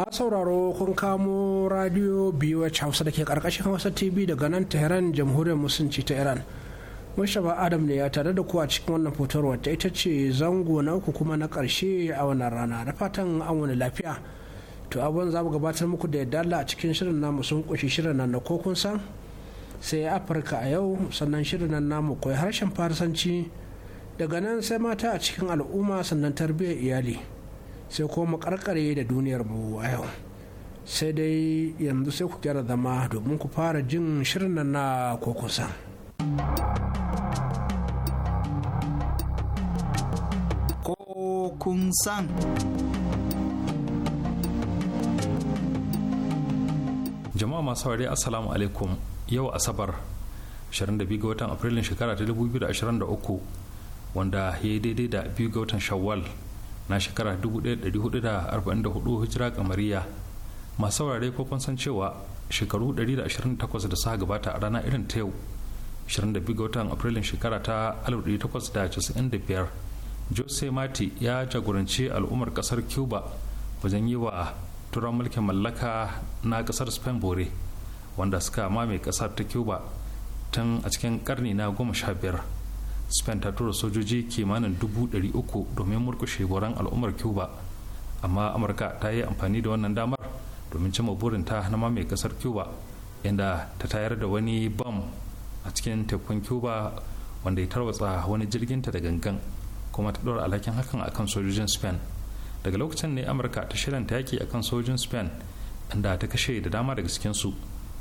masu sauraro kun kamo radio biyu hausa da ke karkashin hausa tv daga nan tehran jamhuriyar musulunci ta iran mashaba adam ne ya tare da ku a cikin wannan fitarwar ta ita ce zango na uku kuma na karshe a wannan rana da fatan an wani lafiya to abin za mu gabatar muku da yadda a cikin shirin namu sun kunshi shirin nan na ko kun san sai afirka a yau sannan shirin nan namu koyi harshen farisanci daga nan sai mata a cikin al'umma sannan tarbiyyar iyali sai ko mu karkare da duniyar mu a yau sai dai yanzu sai ku gyara zama domin ku fara jin shirin nan na kokusan kokunsan jama'a masu haure assalamu alaikum yau asabar 22 ga watan afrilun shekara ta 2023 wanda ya yi daidai da 2 ga watan shawwal na shekara 1444 hijira kamariya masu saurare ko kun san cewa shekaru 128 da suka gabata a rana irin ta yau 22 ga watan afrilun shekara ta 1895 jose mati ya jagoranci al'ummar kasar cuba wajen yi wa turan mulkin mallaka na kasar spain bore wanda suka mame kasar ta cuba tun a cikin karni na 15 spain ta tura sojoji kimanin dubu ɗari uku domin murkushe goron al'ummar cuba amma amurka ta yi amfani da wannan damar domin cimma ta na mamaye kasar cuba inda ta tayar da wani bam a cikin tekun cuba wanda ya tarwatsa wani jirginta da gangan kuma ta ɗora alhakin hakan akan sojojin spain daga lokacin ne amurka ta ta yaki akan sojojin spain inda ta kashe da dama daga cikin su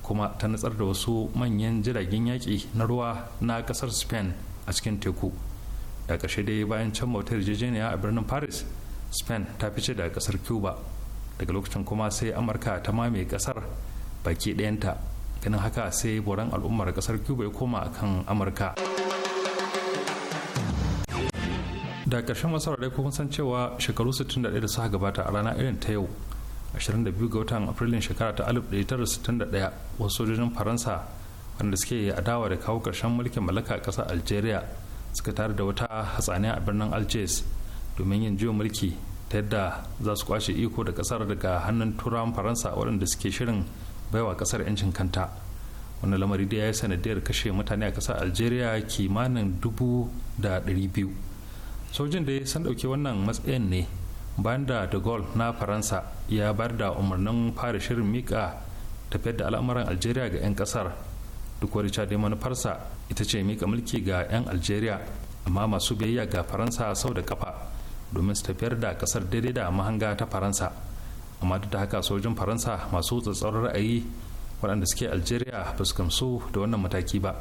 kuma ta nutsar da wasu manyan jiragen yaƙi na ruwa na kasar spain a cikin teku da ƙarshe dai bayan can mautar yarjejeniya a birnin paris spain ta fice daga ƙasar cuba daga lokacin kuma sai amurka ta mame ƙasar baki ɗayanta ganin haka sai boran al'ummar ƙasar cuba ya koma kan amurka da ƙarshen masu dai kun san cewa shekaru 61 da suka gabata a rana irin ta yau 22 ga watan afrilun shekara ta 1961 wasu sojojin faransa wanda suke adawa da kawo ƙarshen mulkin mallaka a ƙasar algeria suka tare da wata hatsaniya a birnin algiers domin yin juyin mulki ta yadda za su kwashe iko da ƙasar daga hannun turawan faransa waɗanda suke shirin baiwa ƙasar 'yancin kanta wani lamari da ya yi sanadiyar kashe mutane a ƙasar algeria kimanin dubu da ɗari biyu sojin da sun ɗauki wannan matsayin ne bayan da de gaulle na faransa ya bar da umarnin fara shirin mika tafiyar da al'amuran algeria ga 'yan ƙasar duk wani dai manufarsa ita ce mika mulki ga 'yan algeria amma masu biyayya ga faransa sau da kafa domin su tafiyar da kasar daidai da mahanga ta faransa amma duk da haka sojin faransa masu tsatsauran ra'ayi waɗanda suke algeria ba su gamsu da wannan mataki ba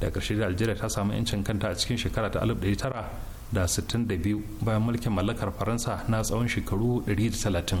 da ƙarshe da algeria ta samu 'yancin kanta a cikin shekara ta biyu bayan mulkin mallakar faransa na tsawon shekaru 130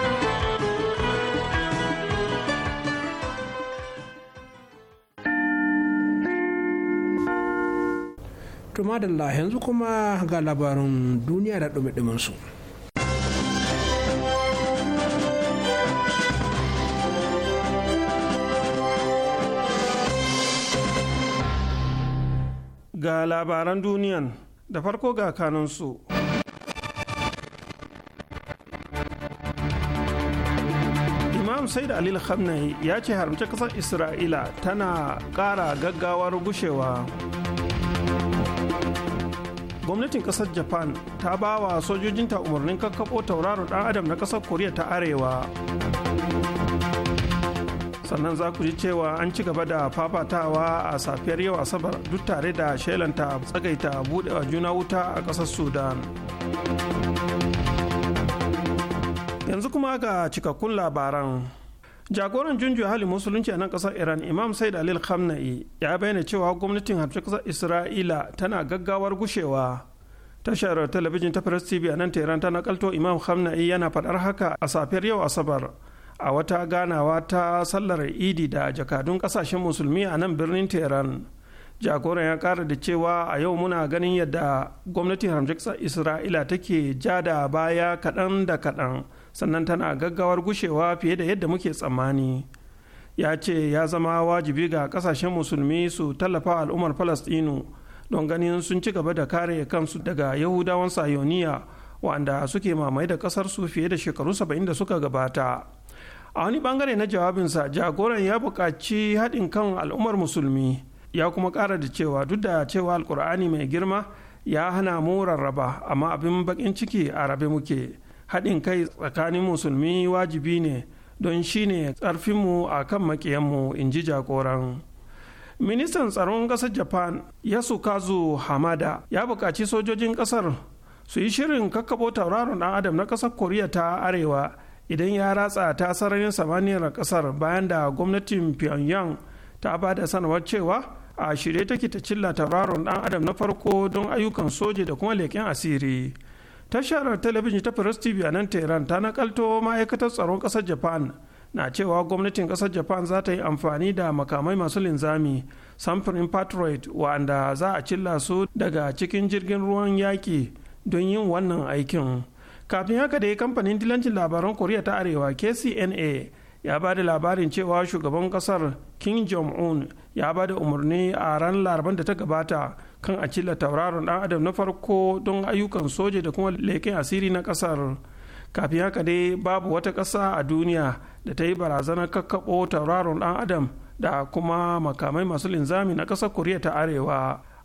To madalla yanzu kuma ga labarin duniya da ɗumi su. Ga labaran duniyan da farko ga kanunsu. Imam Said Alil Khamenei ya ce haramce ƙasar Isra'ila tana ƙara gaggawar gushewa. gwamnatin kasar japan ta ba wa sojojinta umarnin kakkaɓo tauraron dan adam na kasar koriya ta arewa sannan za ku ji cewa an ci gaba da fafatawa a safiyar yau asabar duk tare da shelanta tsagaita budewa juna wuta a ƙasar sudan yanzu kuma ga cikakkun labaran jagoran junju hali musulunci a nan kasar iran imam said alil khamnai ya bayyana cewa gwamnatin harshe kasar isra'ila tana gaggawar gushewa tashar talabijin ta press tv a nan tehran ta nakalto imam khamnai yana faɗar haka a safiyar yau asabar a wata ganawa ta sallar idi da jakadun kasashen musulmi a nan birnin tehran jagoran ya kara da cewa a yau muna ganin yadda gwamnatin kasar isra'ila take ja da baya kaɗan da kaɗan sannan tana gaggawar gushewa fiye da yadda muke tsammani ya ce ya zama wajibi ga kasashen musulmi su tallafa al'ummar falastinu don ganin sun ci gaba da kare kansu daga yahudawan sayoniya wanda suke mamaye da kasar fiye da shekaru 70 da suka gabata a wani bangare na jawabinsa jagoran ya buƙaci haɗin kan al'ummar musulmi ya kuma ƙara da cewa duk da cewa Alƙur'ani mai girma ya hana mu rarraba amma abin baƙin ciki a rabe muke haɗin kai tsakanin musulmi wajibi ne don shine ne mu a kan maƙiyanmu in ji jagoran ministan tsaron ƙasar japan kazu hamada ya buƙaci sojojin ƙasar su yi shirin kakkaɓo tauraron ɗan adam na ƙasar koriya ta arewa idan ya ratsa ta sararin samaniyar ƙasar bayan da gwamnatin pyongyang ta ba da sanarwar cewa a shirye take ta cilla tauraron ɗan adam na farko don ayyukan soja da kuma leƙen asiri tashar talabijin ta press tv a nan tehran ta nakalto ma'aikatar tsaron kasar japan na cewa gwamnatin kasar japan za ta yi amfani da makamai masu linzami samfurin patriot wa'anda za a cilla su daga cikin jirgin ruwan yaƙi don yin wannan aikin kafin haka da kamfanin dilancin labaran koriya ta arewa kcna ya ba da labarin cewa shugaban kasar king jong-un ya ba da umarni a ran laraban da ta gabata kan a cilla tauraron dan adam na farko don ayyukan soja da kuma leken asiri na kasar kafin haka dai babu wata ƙasa a duniya da ta yi barazanar kakkaɓo tauraron dan adam da kuma makamai masu linzami na ƙasar koriya ta arewa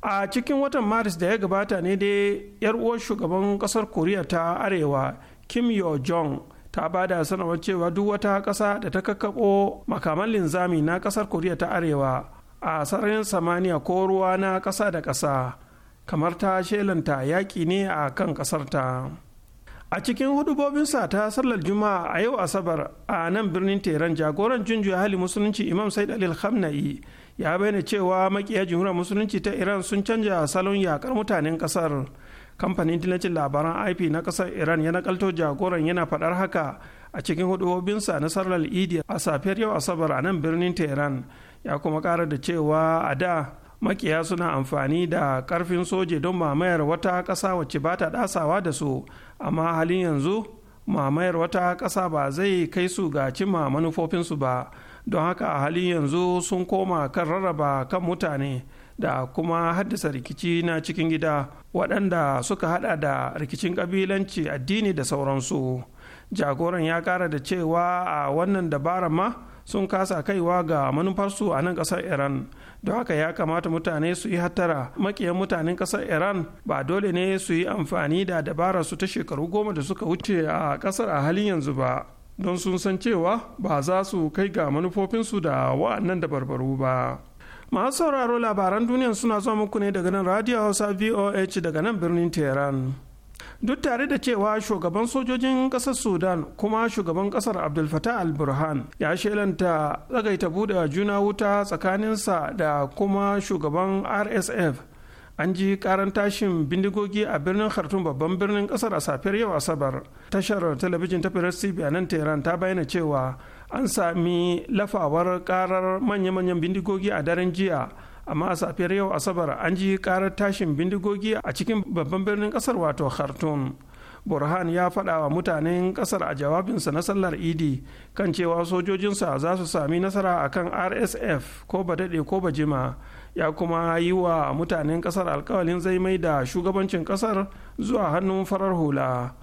a cikin watan maris da ya gabata ne dai yar uwar shugaban ƙasar koriya ta arewa kim yo jong ta ba da sanarwar cewa duk wata ƙasa da ta kakkaɓo makaman linzami na ƙasar koriya ta arewa a sararin samaniya ko ruwa na ƙasa da ƙasa kamar ta shelanta yaƙi ne a kan ƙasarta a cikin hudubobinsa ta sallar juma'a a yau asabar a nan birnin teran jagoran junjiya hali musulunci imam sai alil khamnai ya bayyana cewa makiya jumhuriyar musulunci ta iran sun canja salon yakar mutanen ƙasar kamfanin dillacin labaran ip na ƙasar iran ya nakalto jagoran yana faɗar haka a cikin hudubobinsa na sallar idi a safiyar yau asabar a nan birnin teran ya kuma ƙara da cewa a da makiya suna amfani da ƙarfin soje don mamayar wata ƙasa wacce ba ta ɗasawa da su amma halin yanzu mamayar wata ƙasa ba zai kai su ga cimma manufofinsu ba don haka a halin yanzu sun koma kan rarraba kan mutane da kuma haddasa rikici na cikin gida waɗanda suka hada da rikicin ƙabilanci addini da sauransu jagoran ya ƙara da cewa a wannan dabaran ma sun kasa kaiwa ga manufarsu a nan kasar iran don haka ya kamata mutane su yi hattara makiyan mutanen kasar iran ba dole ne su yi amfani da dabara su ta shekaru goma da suka wuce a kasar a halin yanzu ba don sun san cewa ba za su kai ga manufofinsu da wa'annan barbaru ba masu sauraro labaran duniya suna zuwa muku ne daga nan radio hausa voh daga nan birnin tehran duk tare da cewa shugaban sojojin kasar sudan kuma shugaban kasar abdul fatah al-burhan ya shelanta tsagaita bude juna wuta tsakaninsa da kuma shugaban rsf an ji karan tashin bindigogi a birnin khartoum babban birnin kasar a safiyar yau asabar tashar talabijin ta firas a nan tehran ta bayyana cewa an sami lafawar karar manya-manyan bindigogi a daren jiya amma a safiyar yau asabar an ji karar tashin bindigogi a cikin babban birnin kasar wato khartoum burhan ya faɗa wa mutanen kasar a jawabinsa na sallar idi kan cewa sojojinsa za su sami nasara a kan rsf ko ba daɗe ko ba jima ya kuma yi wa mutanen kasar alkawalin zai mai da shugabancin kasar zuwa hannun farar hula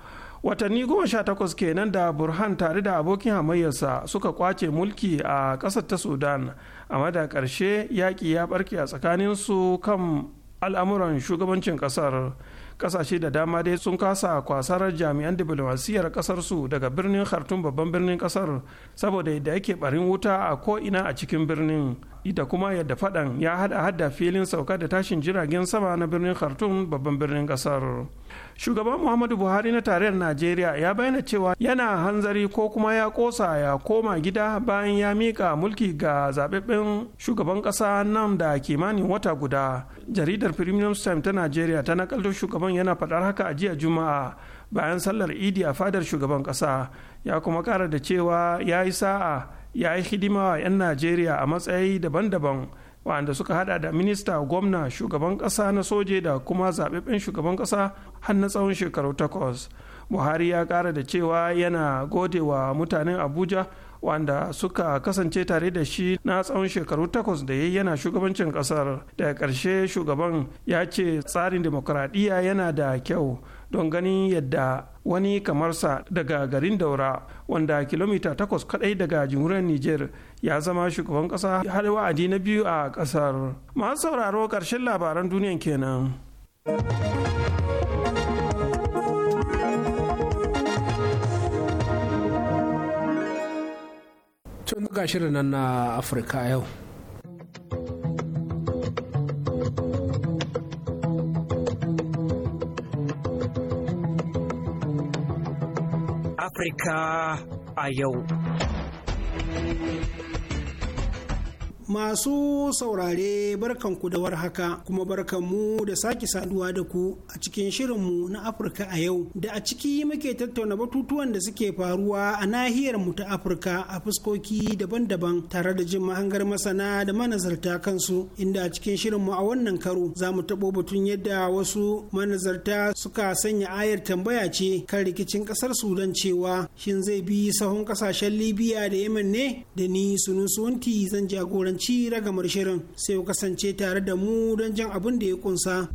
watanni goma sha takwas kenan da burhan tare da abokin hamayyarsa suka kwace mulki a ƙasar ta sudan amma da karshe yaƙi ya ɓarke a tsakanin su kan al'amuran shugabancin ƙasar ƙasashe da dama dai sun kasa kwasar jami'an diplomasiyyar ƙasar su daga birnin khartoum babban birnin ƙasar saboda yadda yake barin wuta a ko'ina a cikin birnin da kuma yadda faɗan ya hada hada filin sauka da tashin jiragen sama na birnin khartoum babban birnin ƙasar. shugaban muhammadu buhari na tarayyar najeriya ya bayyana cewa yana hanzari ko kuma ya kosa ya koma gida bayan ya mika mulki ga zaɓaɓɓen shugaban ƙasa nan da kimanin wata guda jaridar premium time ta najeriya ta nakalto shugaban yana faɗar haka a jiya juma'a bayan sallar idi a fadar shugaban ƙasa ya kuma kara da cewa ya yi sa'a ya yi hidima wa 'yan najeriya a matsayi daban-daban wanda suka hada da minista gwamna shugaban kasa na soje da kuma zaɓeɓɓen shugaban kasa har na tsawon shekaru takwas buhari ya kara da cewa yana gode wa mutanen abuja wanda suka kasance tare da shi na tsawon shekaru takwas da ya yana shugabancin ƙasar daga ƙarshe shugaban ya ce tsarin demokuraɗiyya yana da kyau don ganin yadda wani kamarsa daga garin daura wanda kilomita takwas kaɗai daga jamhuriyar niger ya zama shugaban ƙasa har wa'adi na biyu a ƙasar masu sauraro ƙarshen labaran duniyan kenan. tun ga shirin nan na afirka yau afirka a yau Masu saurare barkanku da haka kuma barkanmu da sake saduwa da ku a cikin shirinmu na Afirka a yau da a ciki muke tattauna batutuwan da suke faruwa a nahiyar mu ta Afirka a fuskoki daban-daban tare da jin mahangar masana da manazarta kansu inda a cikin shirinmu a wannan karo za mu taɓo batun yadda wasu manazarta suka sanya ayar tambaya ce kan rikicin ƙasar Sudan cewa shin zai bi sahun ƙasashen Libya da Yemen ne da ni Sunusunti zan jagoranci kasance ragamar shirin sai ku kasance tare da mu don jan abin da ya kunsa.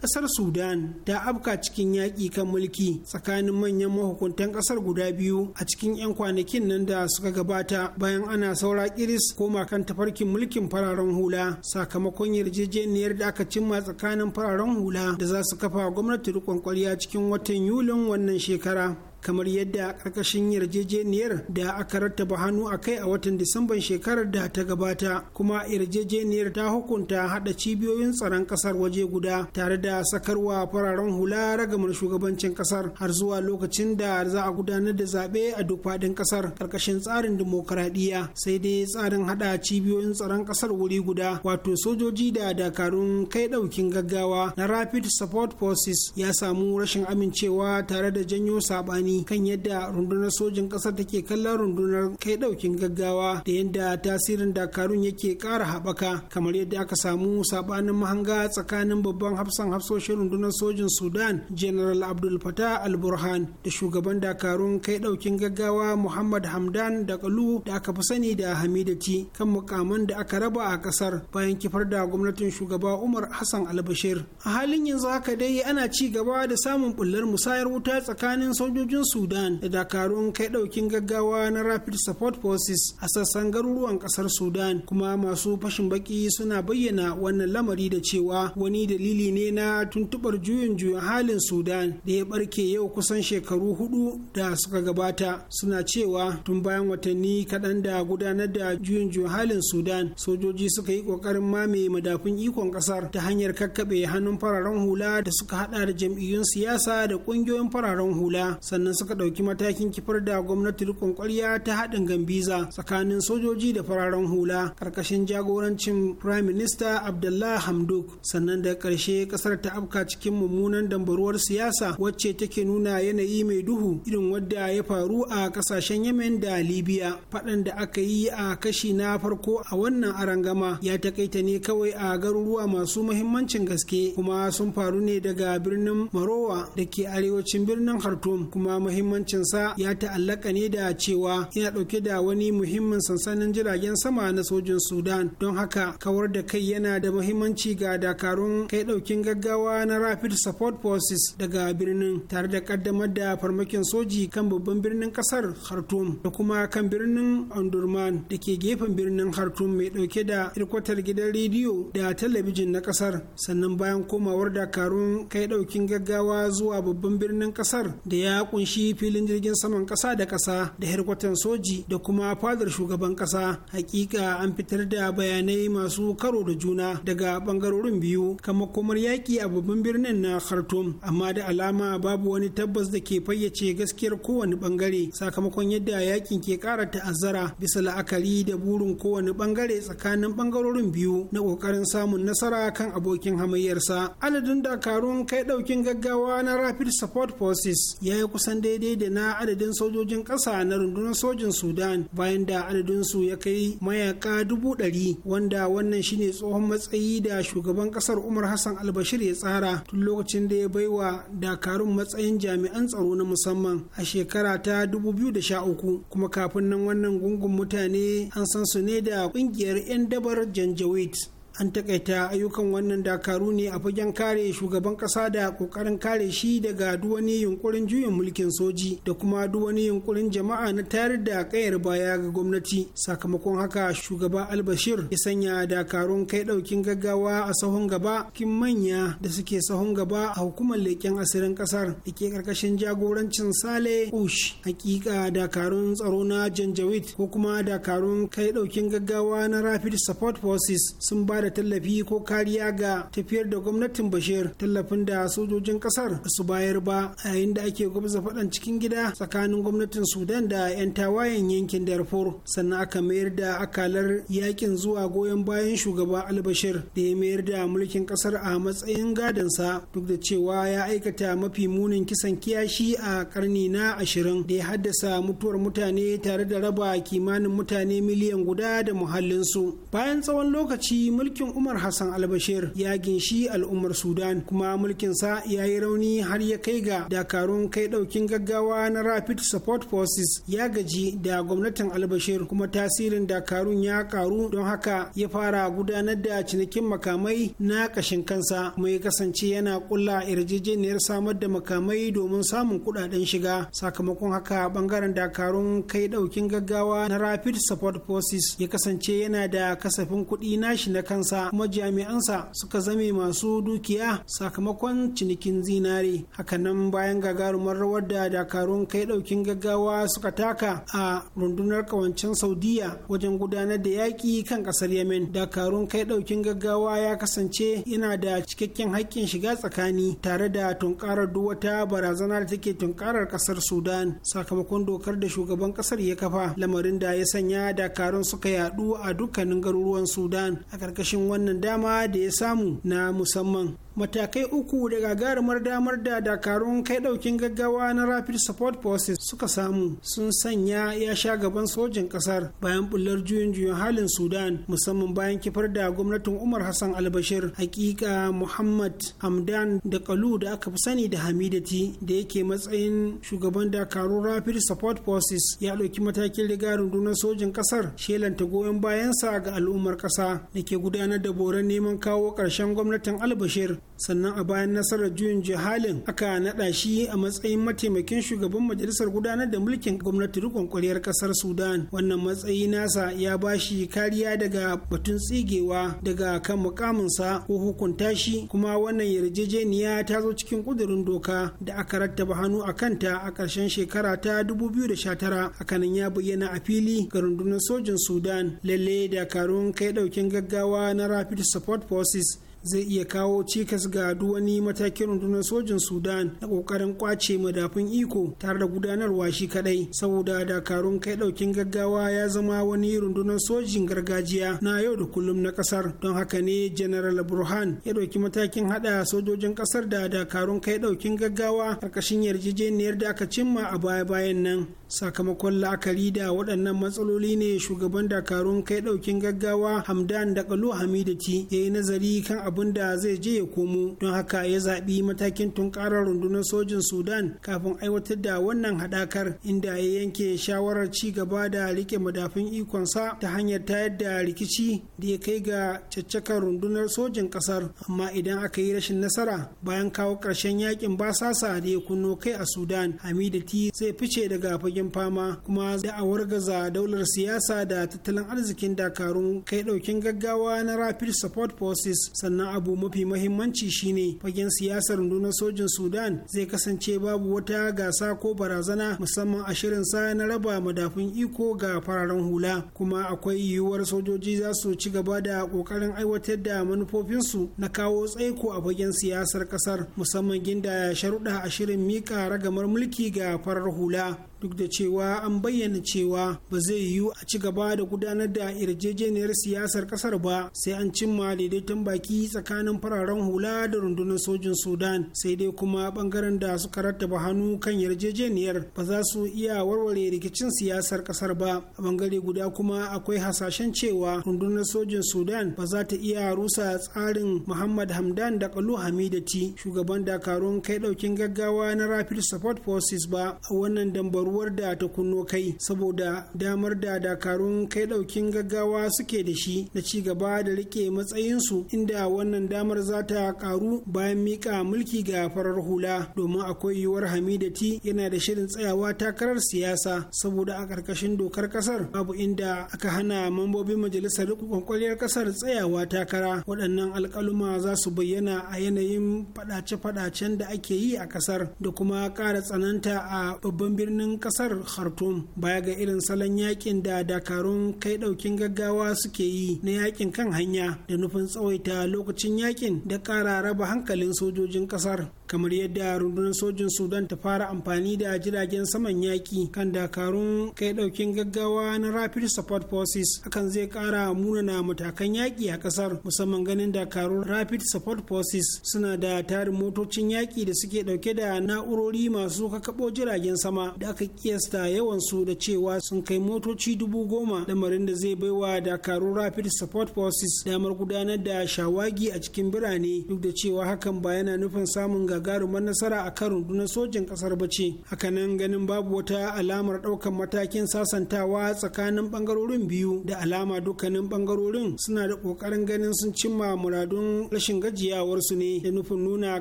kasar sudan ta afka cikin yaƙi kan mulki tsakanin manyan mahukuntan ƙasar guda biyu a cikin 'yan kwanakin nan da suka gabata bayan ana saura iris koma kan tafarkin mulkin fararen hula sakamakon yarjejeniyar da aka cimma tsakanin fararen hula da za su kafa gwamnati rikon kwarya cikin watan yulin wannan shekara kamar yadda ƙarƙashin yarjejeniyar da aka rattaba hannu a kai a watan disamban shekarar da ta gabata kuma yarjejeniyar ta hukunta haɗa cibiyoyin tsaron ƙasar waje guda tare da sakarwa fararen hula ragamar shugabancin ƙasar har zuwa lokacin da za a gudanar da zaɓe a duk faɗin ƙasar ƙarƙashin tsarin dimokuraɗiyya sai dai tsarin haɗa cibiyoyin tsaron ƙasar wuri guda wato sojoji da dakarun kai ɗaukin gaggawa na rapid support forces ya samu rashin amincewa tare da janyo saɓani kan yadda rundunar sojin ƙasar take kallon rundunar kai ɗaukin gaggawa da yadda tasirin dakarun yake ƙara haɓaka kamar yadda aka samu saɓanin mahanga tsakanin babban hafsan hafsoshin rundunar sojin sudan general abdul fatah al burhan da shugaban dakarun kai ɗaukin gaggawa muhammad hamdan da kalu da aka fi sani da hamidati kan mukaman da aka raba a ƙasar bayan kifar da gwamnatin shugaba umar hassan albashir a halin yanzu haka dai ana ci gaba da samun bullar musayar wuta tsakanin sojojin sojojin sudan da dakarun kai daukin gaggawa na rapid support forces a sassan garuruwan kasar sudan kuma masu fashin baki suna bayyana wannan lamari da cewa wani dalili ne na tuntubar juyin juyin halin sudan da ya barke yau kusan shekaru hudu da suka gabata suna cewa tun bayan watanni kaɗan da gudanar da juyin juyin halin sudan sojoji suka yi ƙoƙarin mame madafun ikon ƙasar ta hanyar kakkaɓe hannun fararen hula da suka haɗa da jam'iyyun siyasa da ƙungiyoyin fararen hula sannan sannan suka ɗauki matakin kifar da gwamnati rikon kwarya ta haɗin gambiza tsakanin sojoji da fararen hula ƙarƙashin jagorancin prime minister abdullah hamduk sannan da ƙarshe ƙasar ta afka cikin mummunan dambaruwar siyasa wacce take nuna yanayi mai duhu irin wadda ya faru a ƙasashen yemen da libya faɗan da aka yi a kashi na farko a wannan arangama ya takaita ne kawai a garuruwa masu mahimmancin gaske kuma sun faru ne daga birnin marowa da ke arewacin birnin khartoum kuma muhimmancinsa ya ta'allaka ne da cewa yana ɗauke da wani muhimmin sansanin jiragen sama na sojin sudan don haka kawar da kai yana da muhimmanci ga dakarun kai ɗaukin gaggawa na rapid support forces daga birnin tare da ƙaddamar da farmakin soji kan babban birnin ƙasar khartoum da kuma kan birnin andurman da ke gefen birnin khartoum mai ɗauke da irkwatar gidan rediyo da talabijin na ƙasar sannan bayan komawar dakarun kai ɗaukin gaggawa zuwa babban birnin ƙasar da ya kunshi shi filin jirgin saman kasa da kasa da harkwatan soji da kuma fadar shugaban kasa hakika an fitar da bayanai masu karo da juna daga bangarorin biyu kamar komar yaƙi a babban birnin na khartoum amma da alama babu wani tabbas da ke fayyace gaskiyar kowane bangare sakamakon yadda yakin ke kara ta'azzara bisa la'akari da burin kowane bangare tsakanin bangarorin biyu na ƙoƙarin samun nasara kan abokin hamayyarsa adadin dakarun kai ɗaukin gaggawa na rapid support forces ya yi kusan daidai da na adadin sojojin ƙasa na rundunar sojin sudan bayan da adadin su ya kai mayaka dubu ɗari wanda wannan shine tsohon matsayi da shugaban ƙasar umar hassan albashir ya tsara tun lokacin da ya baiwa dakarun matsayin jami'an tsaro na musamman a shekara ta 2013 kuma kafin nan wannan gungun mutane an san su ne da ƙungiyar 'yan dabar janjawit an takaita ayyukan wannan dakaru ne a fagen kare shugaban kasa da kokarin kare shi daga duwani yunkurin juyin mulkin soji da kuma duwani yunkurin jama'a na tayar da kayar baya ga gwamnati sakamakon haka shugaba albashir ya sanya dakarun kai daukin gaggawa a sahun gaba kin manya da suke sahun gaba a hukumar leƙen asirin kasar da ke karkashin jagorancin sale ush hakika dakarun tsaro na janjawit ko kuma dakarun kai daukin gaggawa na rapid support forces sun ba da da tallafi ko kariya ga tafiyar da gwamnatin bashir tallafin da sojojin kasar su bayar ba yayin da ake gwamza faɗan cikin gida tsakanin gwamnatin sudan da 'yan tawayen yankin darfur sannan aka mayar da akalar yakin zuwa goyon bayan shugaba albashir da ya mayar da mulkin kasar a matsayin gadansa duk da cewa ya aikata mafi munin kisan kiyashi a karni na ashirin da ya haddasa mutuwar mutane tare da raba kimanin mutane miliyan guda da muhallinsu bayan tsawon lokaci mulkin umar hassan albashir ya ginshi al'ummar sudan kuma mulkin sa ya yi rauni har ya kai ga dakarun kai daukin gaggawa na rapid support forces ya gaji da gwamnatin albashir kuma tasirin dakarun ya karu don haka ya fara gudanar da cinikin makamai na kashin kansa kuma ya kasance yana ƙulla yarjejeniyar samar da makamai domin samun kudaden shiga sakamakon haka bangaren dakarun kai daukin gaggawa na rapid support forces ya kasance yana da kasafin kuɗi nashi na kansa. kansa kuma jami'ansa suka zame masu dukiya sakamakon cinikin zinare hakanan bayan gagarumar rawar da dakarun kai daukin gaggawa suka taka a rundunar kawancin saudiya wajen gudanar da yaƙi kan ƙasar yemen dakarun kai daukin gaggawa ya kasance yana da cikakken haƙƙin shiga tsakani tare da tunkarar duk wata barazana da take tunkarar ƙasar sudan sakamakon dokar da shugaban ƙasar ya kafa lamarin da ya sanya dakarun suka yadu a dukkanin garuruwan sudan a ƙarƙashin ƙarƙashin wannan dama da ya samu na musamman matakai uku da gagarumar damar da dakarun kai daukin gaggawa na rapid support forces suka samu sun sanya ya sha gaban sojin kasar bayan bullar juyin juyin halin sudan musamman bayan kifar da gwamnatin umar hassan albashir hakika muhammad hamdan da kalu da aka fi sani da hamidati da yake matsayin shugaban dakarun rapid support forces ya ɗauki matakin riga rundunar sojin kasar shelanta goyon bayansa ga al'ummar ƙasa da ke gudanar da boran neman kawo ƙarshen gwamnatin albashir sannan a bayan nasarar juyin jihalin aka naɗa shi a matsayin mataimakin shugaban majalisar gudanar da mulkin gwamnati rikon kwaryar kasar sudan wannan matsayi nasa ya ba shi kariya daga batun tsigewa daga kan mukaminsa ko hukunta shi kuma wannan yarjejeniya ta zo cikin kudurin doka da aka rattaba hannu a kanta a karshen shekara ta 2019 nan ya bayyana a fili ga rundunar sojin sudan lalle da dakarun kai ɗaukin gaggawa na rapid support forces zai iya kawo cikas ga wani matakin rundunar sojin sudan na kokarin kwace madafun iko tare da gudanarwa shi kadai saboda dakarun kai daukin gaggawa ya zama wani rundunar sojin gargajiya na yau da kullum na kasar don haka ne general burhan ya dauki matakin hada sojojin kasar da dakarun kai daukin gaggawa karkashin yarjejeniyar da aka cimma a baya-bayan nan sakamakon la'akari da waɗannan matsaloli ne shugaban dakarun kai daukin gaggawa hamdan da kalu hamidati ya yi nazari kan abin da zai je ya komo don haka ya zaɓi matakin tunkarar rundunar sojin sudan kafin aiwatar da wannan haɗakar inda ya yanke shawarar ci gaba da rike madafin ikonsa ta hanyar tayar da rikici da ya kai ga caccakar rundunar sojin ƙasar amma idan aka yi rashin nasara bayan kawo ƙarshen yakin basasa da ya kunno kai a sudan ti zai fice daga fagen fama kuma da a wargaza daular siyasa da tattalin arzikin dakarun kai ɗaukin gaggawa na rapid support forces sannan sannan abu mafi mahimmanci shine fagen siyasar rundunar sojin sudan zai kasance babu wata gasa ko barazana musamman a shirin sa na raba madafun iko ga fararen hula kuma akwai yiwuwar sojoji za su ci gaba da kokarin aiwatar da manufofinsu na kawo tsaiko a fagen siyasar kasar musamman ginda sharuɗa a shirin mika ragamar mulki ga farar hula duk da cewa an bayyana cewa ba zai yiwu a ci gaba da gudanar da yarjejeniyar siyasar kasar ba sai an cimma daidaiton baki tsakanin fararen hula da rundunar sojin sudan sai dai kuma bangaren da suka rattaba hannu kan yarjejeniyar ba za su iya warware rikicin siyasar kasar ba a bangare guda kuma akwai hasashen cewa rundunar sojin sudan ba za ta iya rusa tsarin muhammad hamdan da kalu hamidati shugaban dakarun kai daukin gaggawa na rapid support forces ba a wannan dambaru ruwar da ta kunno kai saboda damar da dakarun kai daukin gaggawa suke da shi na ci gaba da rike matsayinsu inda wannan damar za ta karu bayan mika mulki ga farar hula domin akwai yiwuwar hamidati yana da shirin tsayawa takarar siyasa saboda a ƙarƙashin dokar ƙasar babu inda aka hana mambobin majalisar kwankwaliyar ƙasar tsayawa takara waɗannan alƙaluma za su bayyana a yanayin faɗace-faɗacen da ake yi a ƙasar da kuma ƙara tsananta a babban birnin kasar khartoum baya ga irin salon yakin da dakarun kai daukin gaggawa suke yi na yakin kan hanya da nufin tsawaita lokacin yakin da kara raba hankalin sojojin kasar kamar yadda rundunar sojin sudan ta fara amfani da jiragen saman yaki kan dakarun kai ɗaukin gaggawa na rapid support forces hakan zai ƙara munana matakan yaki a ƙasar musamman ganin dakarun rapid support forces suna da tarin motocin yaƙi da suke ɗauke da na'urori masu kakaɓo jiragen sama da aka kiyasta yawan su da cewa sun kai motoci dubu goma lamarin da zai baiwa dakarun rapid support forces damar gudanar da shawagi a cikin birane duk da cewa hakan ba yana nufin samun gagarumar nasara a kan rundunar sojin kasar bace hakanan ganin babu wata alamar ɗaukar matakin sasantawa tsakanin bangarorin biyu da alama dukkanin bangarorin suna da ƙoƙarin ganin sun cimma muradun rashin gajiyawarsu ne da nufin nuna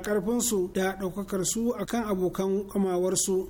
ƙarfinsu da ɗaukakar su akan abokan su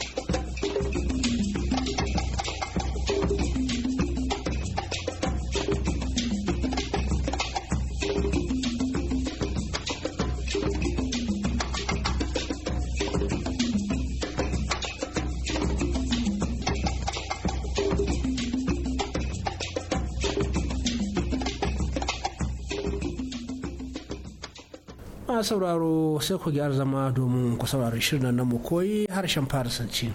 sauraro sai ku gyara zama domin ku saurari shirin nan mu koyi harshen farisanci.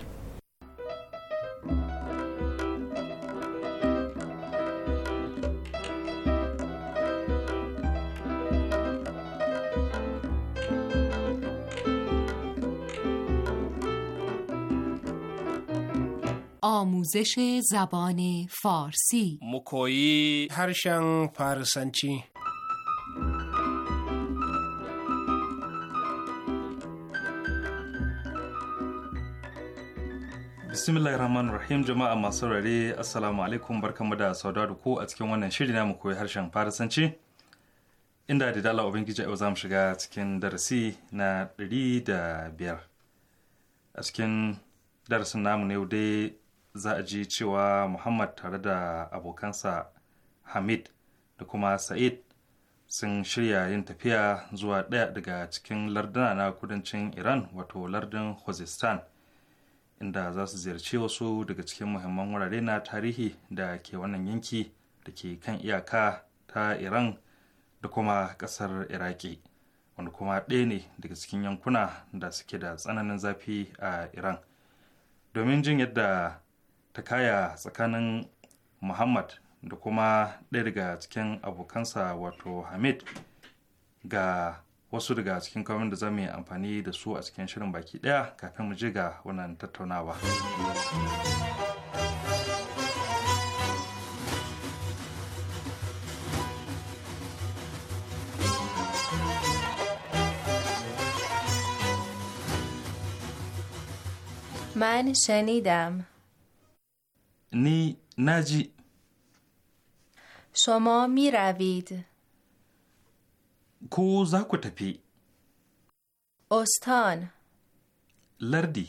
آموزش زبان فارسی مکویی هرشن فارسنچی Bismillahir Rahman Rahim jama'a masu rare Assalamu alaikum barkanmu da sauda ko a cikin wannan shiri mu koyi harshen Farisanci. Inda da dala Ubangiji yau za mu shiga cikin darasi na ɗari da biyar. A cikin darasin namu ne yau dai za a ji cewa Muhammad tare da abokansa Hamid da kuma Sa'id sun shirya yin tafiya zuwa ɗaya daga cikin larduna na kudancin Iran wato lardin Khuzestan. inda za su ziyarci wasu daga cikin muhimman wurare na tarihi da ke wannan yanki da ke kan iyaka ta iran da kuma ƙasar iraki wanda kuma ɗaya ne daga cikin yankuna da suke da tsananin zafi a iran domin jin yadda ta kaya tsakanin muhammad da kuma ɗaya daga cikin abokansa wato hamid ga wasu daga cikin kwamin da za mu yi amfani da su a cikin shirin baki ɗaya kafin mu ji ga wannan tattaunawa. من شنیدم Ni naji. shomo می ravid. کو تپی استان لردی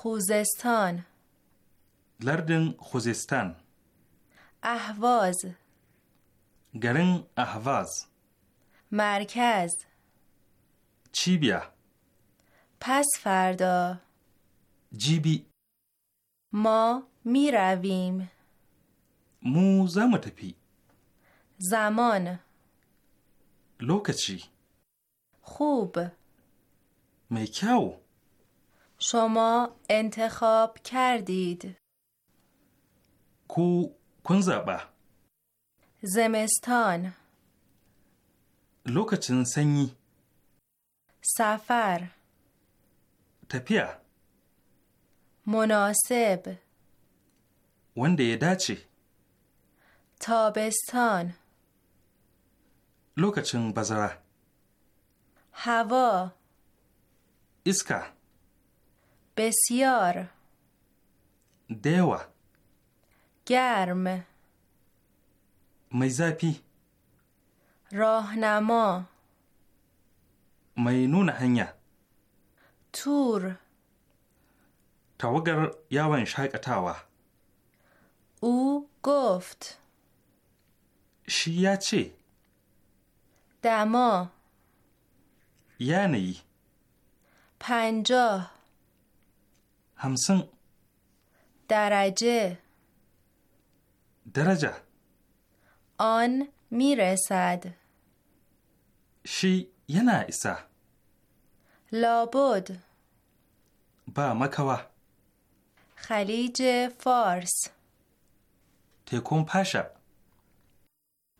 خوزستان لردن خوزستان اهواز گرنگ اهواز مرکز چیبیا پس فردا جیبی ما می رویم مو زمان زمان لوکچی خوب میکاو شما انتخاب کردید کو زبه. زمستان چن سنی سفر تپیا مناسب ونده داچی تابستان لوکچن بزره هوا اسکا بسیار دیوا گرم میزاپی راهنما مینون هنیا تور تاوگر یاون شاکتاوا او گفت شیا چی دما یعنی پنجاه همسن درجه درجه آن میرسد شی یه نایسه لابد با مکوا خلیج فارس تکون پاشا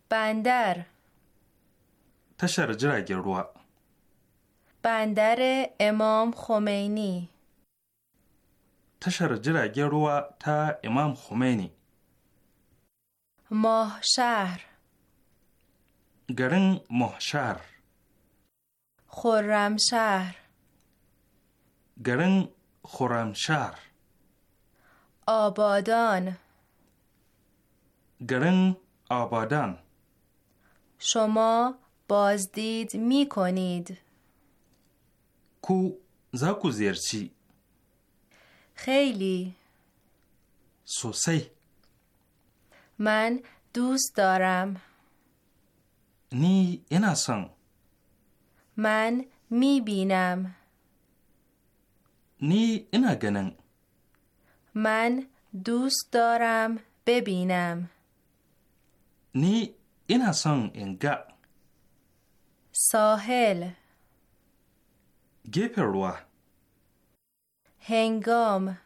بندر تشر جرا گروه بندر امام خمینی تشر جرا گروه تا امام خمینی ماه شهر گرن ماه شهر خورم شهر گرن خورم شهر آبادان گرن آبادان شما بازدید می کنید کو زاکو زیرچی خیلی سوسی من دوست دارم نی ایناسان من می بینم نی اینا گنن من دوست دارم ببینم نی اینا سان انگا ساحل گپروا هنگام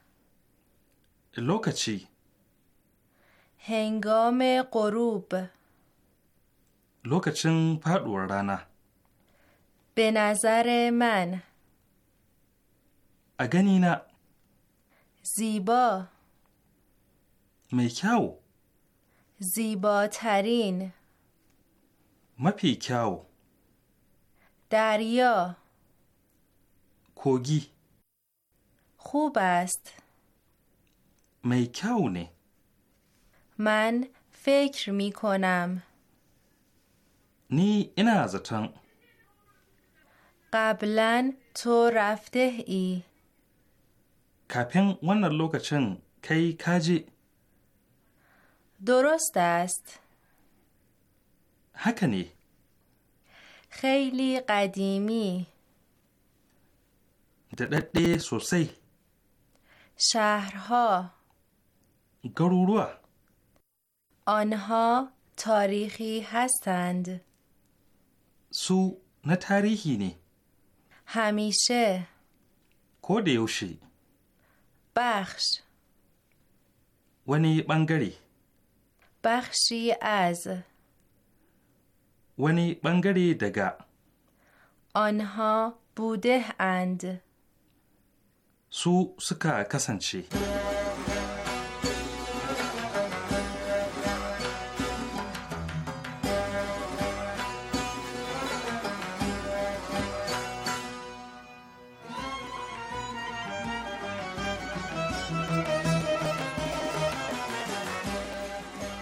لوکچی هنگام غروب لوکچن پادور به نظر من اگنینا زیبا میکاو زیباترین مپیکاو دریا کوگی خوب است میکونه من فکر می کنم نی انا زتن قبلا تو رفته ای کپین ون لوکچن کی کاجی درست است هکنی خیلی قدیمی دردی سوسی شهرها گرورو آنها تاریخی هستند سو نه تاریخی نی همیشه کودیوشی بخش ونی بنگری بخشی از wani ɓangare daga her budeh and su suka kasance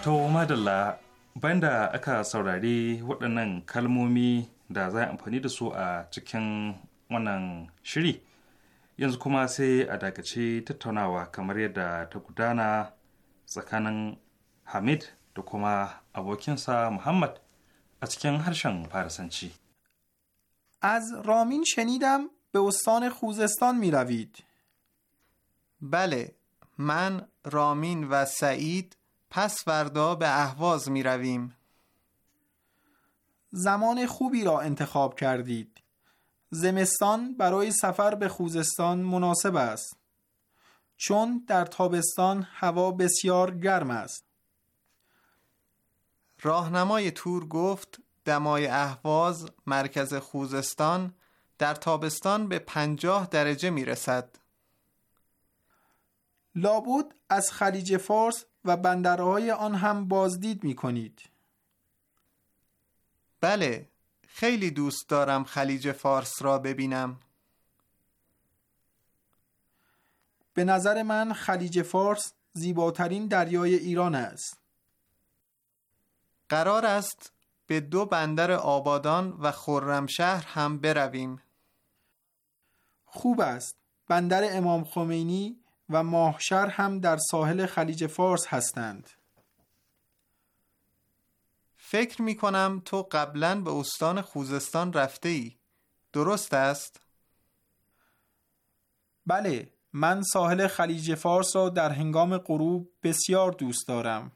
To madalla bayan da aka saurari waɗannan kalmomi da za a amfani da su a cikin wannan shiri yanzu kuma sai a dakace tattaunawa kamar yadda ta gudana tsakanin hamid da kuma abokinsa muhammad a cikin harshen farisanci az ramin shanidam به استان خوزستان می روید. بله من رامین و سعید پس فردا به اهواز می رویم. زمان خوبی را انتخاب کردید. زمستان برای سفر به خوزستان مناسب است. چون در تابستان هوا بسیار گرم است. راهنمای تور گفت دمای اهواز مرکز خوزستان در تابستان به پنجاه درجه می رسد. لابود از خلیج فارس و بندرهای آن هم بازدید می کنید. بله، خیلی دوست دارم خلیج فارس را ببینم. به نظر من خلیج فارس زیباترین دریای ایران است. قرار است به دو بندر آبادان و خرمشهر هم برویم. خوب است. بندر امام خمینی و ماهشر هم در ساحل خلیج فارس هستند فکر می کنم تو قبلا به استان خوزستان رفته ای درست است؟ بله من ساحل خلیج فارس را در هنگام غروب بسیار دوست دارم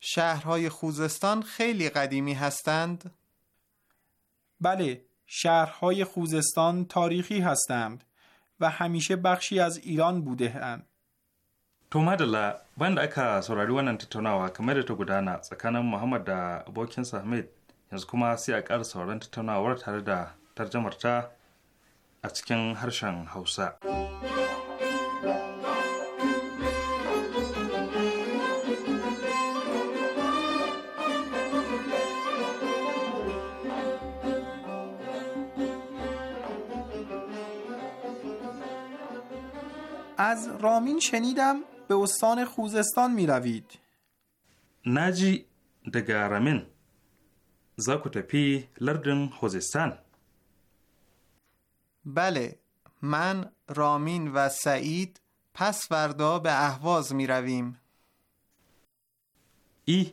شهرهای خوزستان خیلی قدیمی هستند؟ بله شهرهای خوزستان تاریخی هستند و همیشه بخشی از ایران بوده اند. To madalla banda aka saurari wannan tattaunawa kamar da ta gudana tsakanin Muhammad da abokinsa Hamid yanzu kuma sai a ƙara sauran tattaunawar tare da tarjamarta a cikin harshen Hausa. از رامین شنیدم به استان خوزستان می روید نجی دگا رامین زاکو تپی لردن خوزستان بله من رامین و سعید پس فردا به اهواز می رویم ای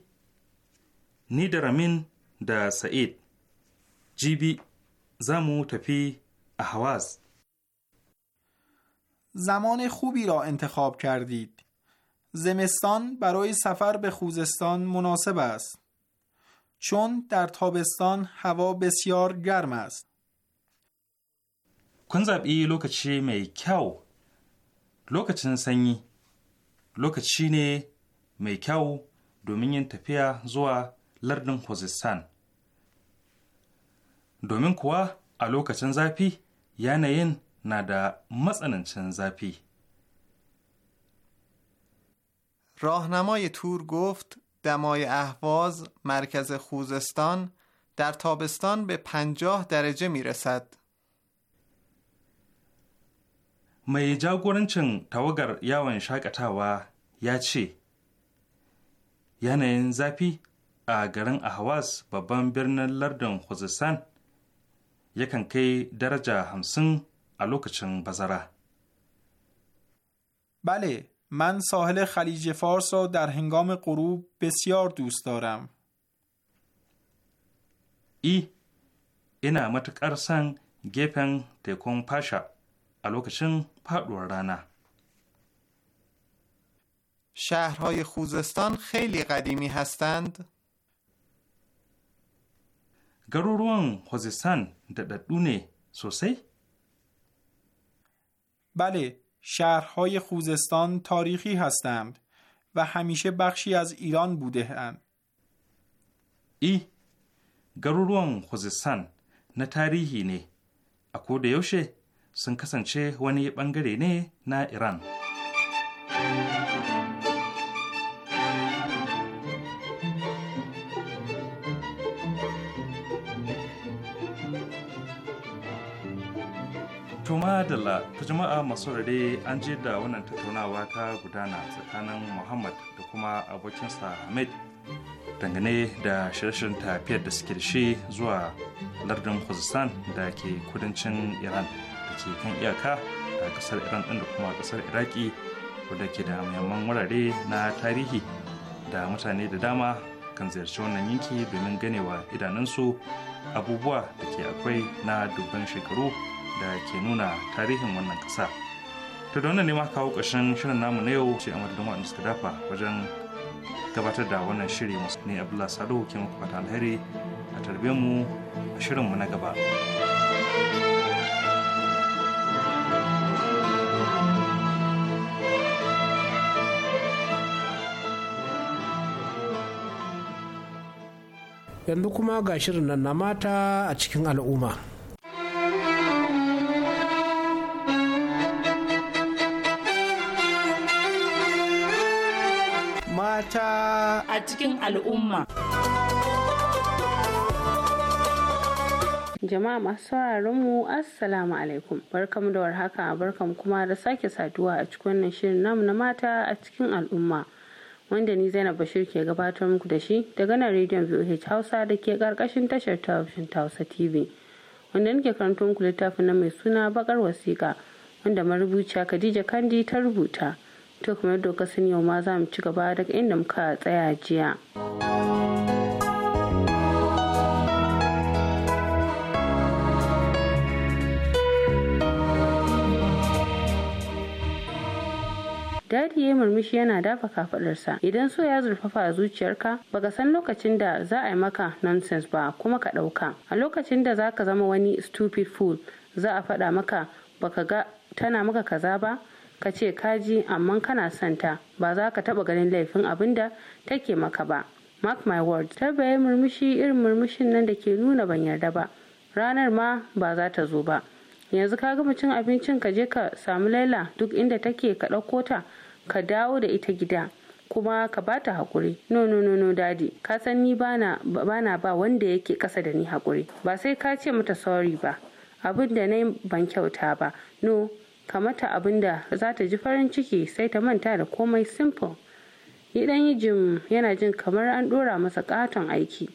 نید دا رامین دا سعید جیبی زمو تپی اهواز زمان خوبی را انتخاب کردید. زمستان برای سفر به خوزستان مناسب است. چون در تابستان هوا بسیار گرم است. کن زبی لوکچی می کیو لوکچن سنی لوکچی نی می دومین تپیا زوا لردن خوزستان دومین کوا ا lokacin na da matsanancin راهنمای تور گفت دمای اهواز مرکز خوزستان در تابستان به پنجاه درجه میرسد. می جا گورنچن تاوگر یا وان شاکتاوا یا چی؟ یا نین زپی آگرن احواز با لردن خوزستان یکن که درجه همسنگ a lokacin bazara. بله من ساحل خلیج فارس را در هنگام غروب بسیار دوست دارم. ای اینا متکر سن گپن تکون پاشا ا lokacin faduwar rana. شهرهای خوزستان خیلی قدیمی هستند. garuruwan خوزستان daɗaɗɗu ne سوسی بله شهرهای خوزستان تاریخی هستند و همیشه بخشی از ایران بوده اند ای گروروان خوزستان نه تاریخی نه اکو دیوشه سنکسنچه ونی بنگری نه نه ایران la ta jama'a masu rare an je da wannan tattaunawa ta gudana tsakanin muhammad da kuma abokinsa hamid dangane da shirshin tafiyar da suke da shi zuwa lardin khuzistan da ke kudancin iran da ke kan iyaka da kasar iran din da kuma kasar iraki wadda ke da muhimman wurare na tarihi da mutane da dama kan ziyarci wannan yanki domin ganewa idanunsu abubuwa da ke akwai na dubban shekaru da ke nuna tarihin wannan ƙasa to da wannan ne kawo ƙashin shirin namu na yau ce a madadin waɗanda suka dafa wajen gabatar da wannan shiri masu ne abdullahi sadu ke muku fata alheri a tarbe mu a shirinmu na gaba. yanzu kuma ga shirin nan na mata a cikin al'umma. ta a cikin al'umma. Jama'a masu sauraronmu mu Assalamu alaikum. Barkamu da warhaka, barkamu kuma da sake saduwa a cikin wannan shirin namu na mata a cikin al'umma. Wanda ni Zainab Bashir ke gabatar muku da shi daga nan rediyon VOH Hausa da ke karkashin tashar talabijin Hausa TV. Wanda nake karanto muku littafin na mai suna bakar wasiƙa wanda marubuciya Khadija Kandi ta rubuta. to kamar doka sun yau ma za mu ci gaba daga inda muka tsaya jiya. Dadi ya murmushi yana dafa kafadarsa idan so ya zurfafa a zuciyarka baka san lokacin da za a yi maka nonsense ba kuma ka ɗauka. A lokacin da za ka zama wani stupid fool za a faɗa maka baka ga tana maka kaza ba ka ce kaji amma kana son ta ba za ka taba ganin laifin abin da take maka ba mark my word Ta bayan murmushi irin murmushin nan da ke nuna ban yarda ba ranar ma ba za ta zo ba yanzu ka gama cin abincin ka je ka samu laila duk inda take ka ɗauko ta ka dawo da ita gida kuma ka ba ta haƙuri no no no no dadi ka san ni bana bana ba wanda yake ƙasa da ni haƙuri ba sai ka ce mata sorry ba abin da na ban kyauta ba no ka mata abin da za ta ji farin ciki sai ta manta da komai simple yi dan yi jim yana jin kamar an dora masa katon aiki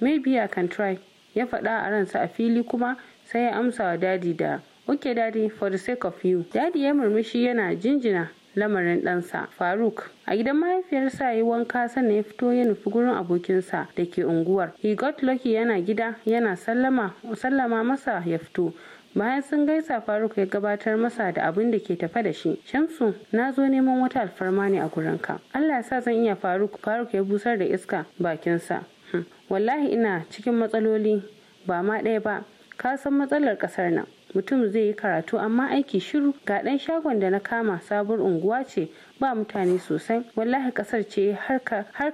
maybe i can try ya faɗa a ransa a fili kuma sai ya amsa wa dadi da "Ok dadi, for the sake of you dadi ya murmushi yana jinjina lamarin ɗansa faruk a gidan mahaifiyarsa yi wanka sannan ya fito ya nufi gurin abokinsa da ke unguwar he got lucky yana gida yana sallama masa ya fito bayan sun gaisa faruk ya gabatar masa da abin da ke tafe da shi shamsu na zo neman wata alfarma ne a gurinka allah ya sa zan iya faruk faruk ya busar da iska bakinsa hm, wallahi ina cikin matsaloli ba ma ɗaya ba ka san matsalar ƙasar nan mutum zai yi karatu amma aiki shiru ga ɗan shagon da na kama sabon unguwa ce ba mutane sosai wallahi ƙasar ce har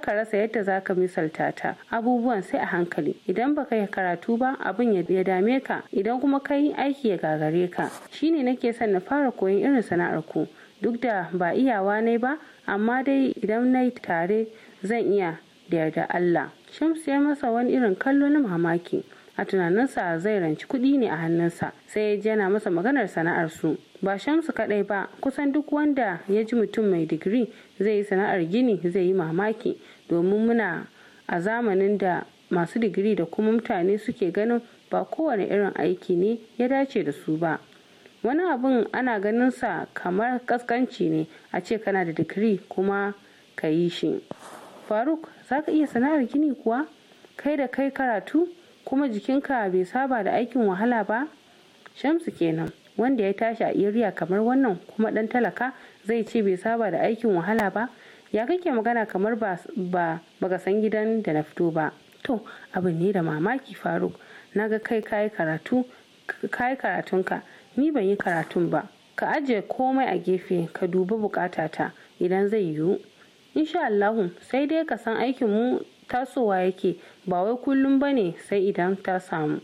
ka rasa yadda za ka misalta ta abubuwan sai a hankali idan ba yi karatu ba abin ya dame ka idan kuma ka aiki ya gagare ka shine nake son na fara koyon irin sana'ar ku duk da ba iyawa ne ba amma dai idan na yi tare zan iya da yarda Allah Shamsu ya masa wani irin kallo na mamaki a tunaninsa zai ranci kuɗi ne a hannunsa sai ya ji yana masa maganar sana'ar su ba shamsu kaɗai ba kusan duk wanda ya ji mutum mai digiri zai yi sana'ar gini zai yi mamaki domin muna a zamanin da masu digiri da kuma mutane suke ganin ba kowane irin aiki ne ya dace da su ba wani abin ana ganin sa kamar kaskanci ne a ce kana da digiri kuma ka yi shi faruk za ka iya sana'ar gini kuwa kai da kai karatu kuma jikinka bai saba da aikin wahala ba shamsu kenan wanda ya tashi a iriya kamar wannan kuma dan talaka zai ce bai saba da aikin wahala ba ya kake magana kamar ba baka san gidan da na fito ba to abin ne da mamaki faruk na ga kai kayi karatu kayi karatunka ni ban yi karatun ba ka ajiye komai a gefe ka dubi bukatata idan zai yiwu insha Allahu sai dai ka san aikin mu tasowa yake ba wai kullum ba ne sai idan ta samu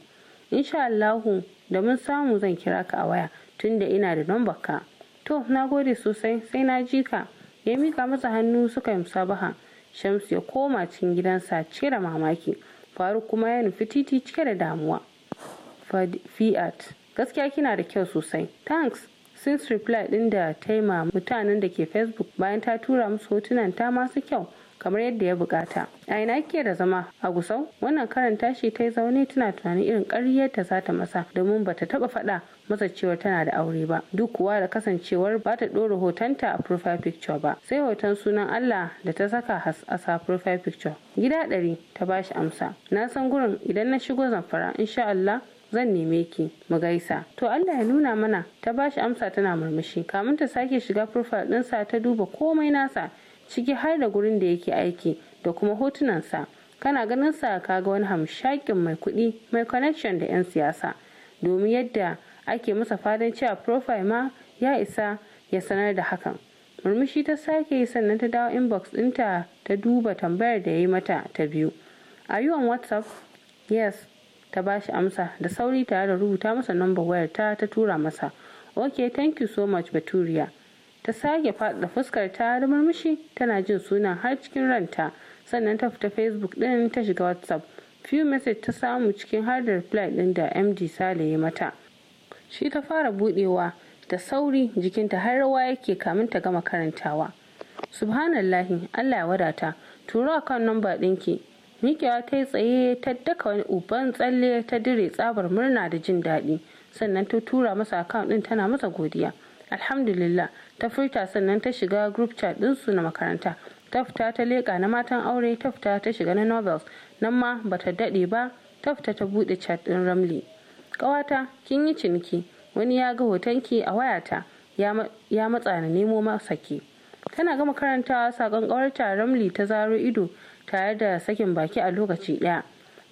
insha allahu da mun samu zan kira ka a waya tun da ina da lambar ka to na gode sosai sai na ji ka ya mika masa hannu suka yi musabaha shamsu ya koma cikin gidansa cire mamaki faru kuma ya nufi titi cike da damuwa fiat gaskiya kina da kyau sosai thanks since reply din da ta mutanen da ke facebook bayan ta tura musu hotunan ta masu kyau kamar yadda ya bukata a ina kike da zama a gusau wannan karanta shi ta yi zaune tana tunanin irin ƙaryar ta za ta masa domin ba ta taba faɗa masa cewar tana da aure ba duk kuwa da kasancewar ba ta ɗora hotonta a profile picture ba sai hoton sunan Allah da ta saka a profile picture gida ɗari ta bashi amsa na san gurin idan na shigo zamfara insha Allah zan neme ki mu gaisa to Allah ya nuna mana ta bashi amsa tana murmushi kamin ta sake shiga profile ɗinsa ta duba komai nasa ciki har da gurin da yake aiki da kuma hotunansa kana ganin sa ka ga wani hamshakin mai kuɗi mai connection da 'yan siyasa domin yadda ake masa fadan cewa profile ma ya isa ya sanar da hakan murmushi ta sake yi sannan ta dawo inbox ɗinta ta duba tambayar da ya yi mata ta biyu a yi whatsapp yes ta bashi amsa da sauri tare da rubuta masa number wayar ta ta tura masa okay thank you so much baturiya ta sake faɗa fuskar ta da murmushi tana jin sunan har cikin ranta sannan ta fita facebook ɗin ta shiga whatsapp few message ta samu cikin har da reply ɗin da md sale ya mata shi ta fara buɗewa da sauri jikinta har rawa yake kamin ta gama karantawa Subhanallah, allah ya wadata turo kan namba ɗinki mikewa ta yi tsaye ta daka wani uban tsalle ta dire tsabar murna da jin daɗi sannan ta tura masa akawun ɗin tana masa godiya alhamdulillah ta furta sannan ta shiga group chat ɗinsu na makaranta ta fita ta leƙa na matan aure ta fita ta shiga na novels nan ma ba ta daɗe ba ta fita ta buɗe chat ɗin ramli ƙawata kin yi ciniki wani ya ga hotonki a wayata ya matsa na nemo masaki. tana ga makaranta sakon ƙawarta ramli ta zaro ido tare da sakin baki a lokaci ɗaya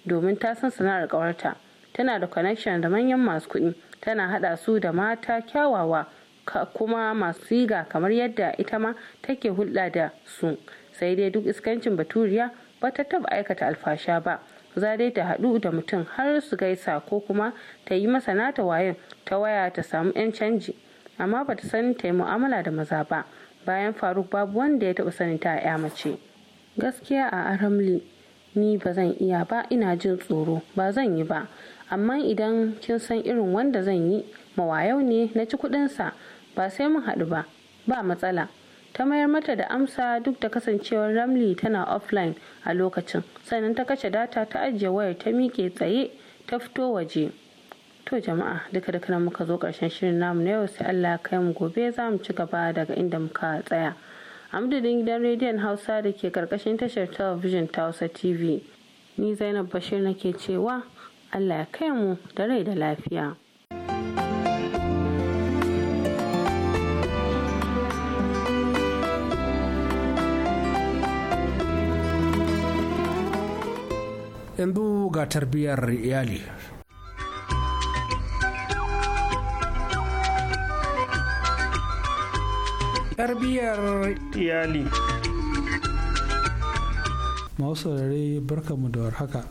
domin ta san sana'ar ƙawarta tana da connection da manyan masu kuɗi tana haɗa su da mata kyawawa kuma masu siga kamar yadda ita ma take hulɗa da su sai dai duk iskancin baturiya ba ta taba aikata alfasha ba za dai ta haɗu da mutum har su gaisa ko kuma ta yi masa nata wayan ta waya ta samu 'yan canji amma ba ta san ta yi mu'amala da maza ba bayan faruk babu wanda ya taba sani ta ya mace gaskiya a aramli ni ba zan iya ba ina jin tsoro ba zan yi ba amma idan kin san irin wanda zan yi mawayau ne na ci kuɗinsa ba sai mun haɗu ba ba matsala ta mayar mata da amsa duk da kasancewar ramli tana offline a lokacin sannan ta kashe data ta ajiye wayar ta miƙe tsaye ta fito waje to jama'a duka da nan muka zo ƙarshen shirin namu na yau sai allah kai mu gobe za mu ci gaba daga inda muka tsaya A amdadin gidan rediyon hausa da ke ƙarƙashin tashar talabijin ta hausa tv ni zainab bashir nake cewa allah ya kai mu da rai da lafiya yanzu ga tarbiyyar iyali tarbiyyar iyali masu barkamu da warhaka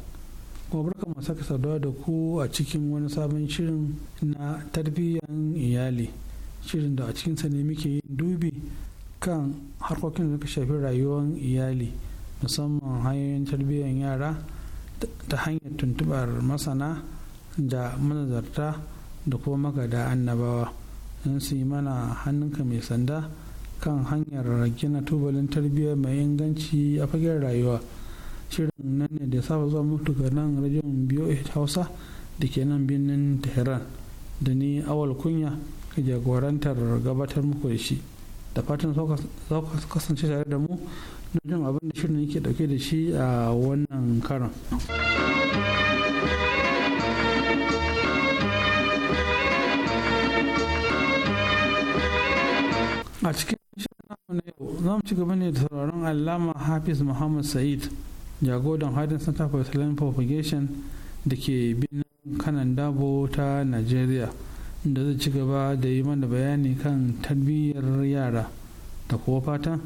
kuma barkamu saka saduwa da ku a cikin wani sabon shirin na tarbiyyar iyali shirin da a cikinsa ne muke yin dubi kan harkokin da suka shafi rayuwar iyali musamman hanyoyin tarbiyyar yara ta hanyar tuntubar masana da manazarta da kuma magada annabawa don su yi mana hannunka mai sanda kan hanyar gina tubalin tarbiyyar mai inganci a fagen rayuwa shirin nan ne da saba zuwa mutu ga nan rajin biyo hausa da ke nan birnin tehran da ni awal kunya ka jagorantar gabatar muku da shi da fatan za kasance tare da mu dukkan abin da shirin yake dauke da shi a wannan karon a cikin shirin na yau za mu ci gaba ne da sauraron alama hafiz muhammad sa'id jagoran hadin center for islamic propagation da ke birnin kanan dabo ta nigeria da zai ci gaba da yi mana bayani kan tarbiyyar yara da kuwa fatan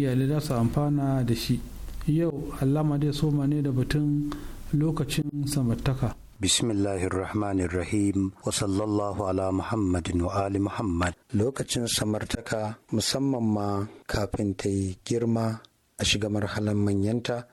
iyalai za su amfana da shi yau allama dai soma ne da batun lokacin samartaka Bismillahirrahmanirrahim wa sallallahu ala Muhammadin wa Ali Muhammad. Lokacin samartaka musamman ma kafin ta yi girma a shiga marhalar manyanta